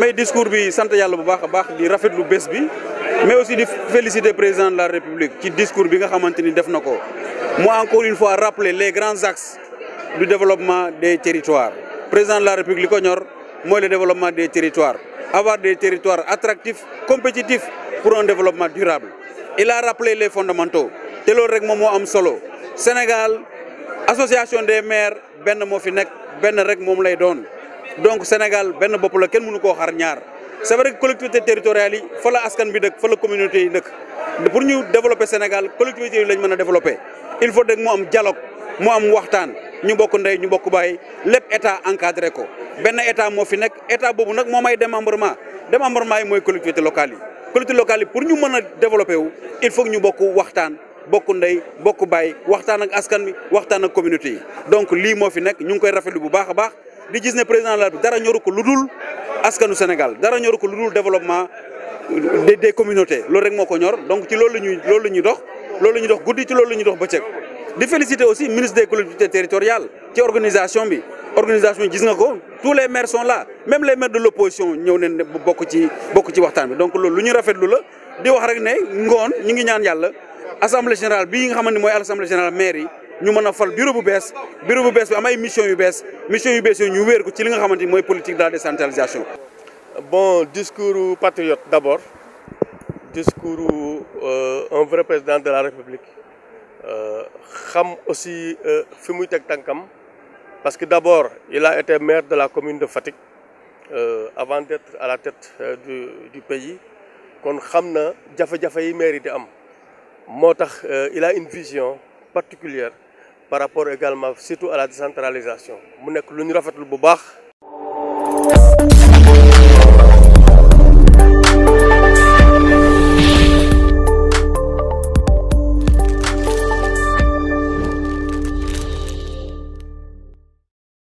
Le discours bi sante Yalla bu di mais aussi de féliciter président de la république qui discours bi nga xamante encore une fois rappeler les grands axes du développement des territoires président de la république li le développement des territoires avoir des territoires attractifs compétitifs pour un développement durable il a rappelé les fondamentaux am solo Sénégal association des maires Ben mofinek, fi donc Sénégal benn bopp la kenn mënu xar c'est vrai que collectivité territoriale la askan la communauté pour développer Sénégal collectivité il a développer il faut Nous un dialogue dialogue. am ñu dialogue. nous ñu dialogue. Nous état encadré état état démembrement démembrement collectivité locale collectivité locale pour développer il faut nous askan donc nous avons nous di gis ne président la dara ñoru ko luddul askanu Sénégal dara ñoru ko luddul développement des des communautés lool rek moko ñor donc ci lool lañuy lool lañuy dox lool lañuy dox guddi ci lool lañuy dox bëccëg di féliciter aussi ministre des collectivités territoriales ci organisation bi organisation gis nga ko tous les maires sont là même les maires de l'opposition ñëw nañ bokk ci bokk ci waxtaan bi donc lool lu ñu rafetlu la di wax rek né ngoon ñi ngi ñaan yalla assemblée générale bi nga xamante moy assemblée générale maire yi. Nous avons fait le bureau mission mission politique de la décentralisation. bon discours patriote d'abord discours euh, un vrai président de la république euh, xam aussi euh, parce que d'abord il a été maire de la commune de Fatik, avant d'être à la tête du pays il a une vision particulière par rapport également surtout à la décentralisation mu nekk lu ñu rafetlu bu baax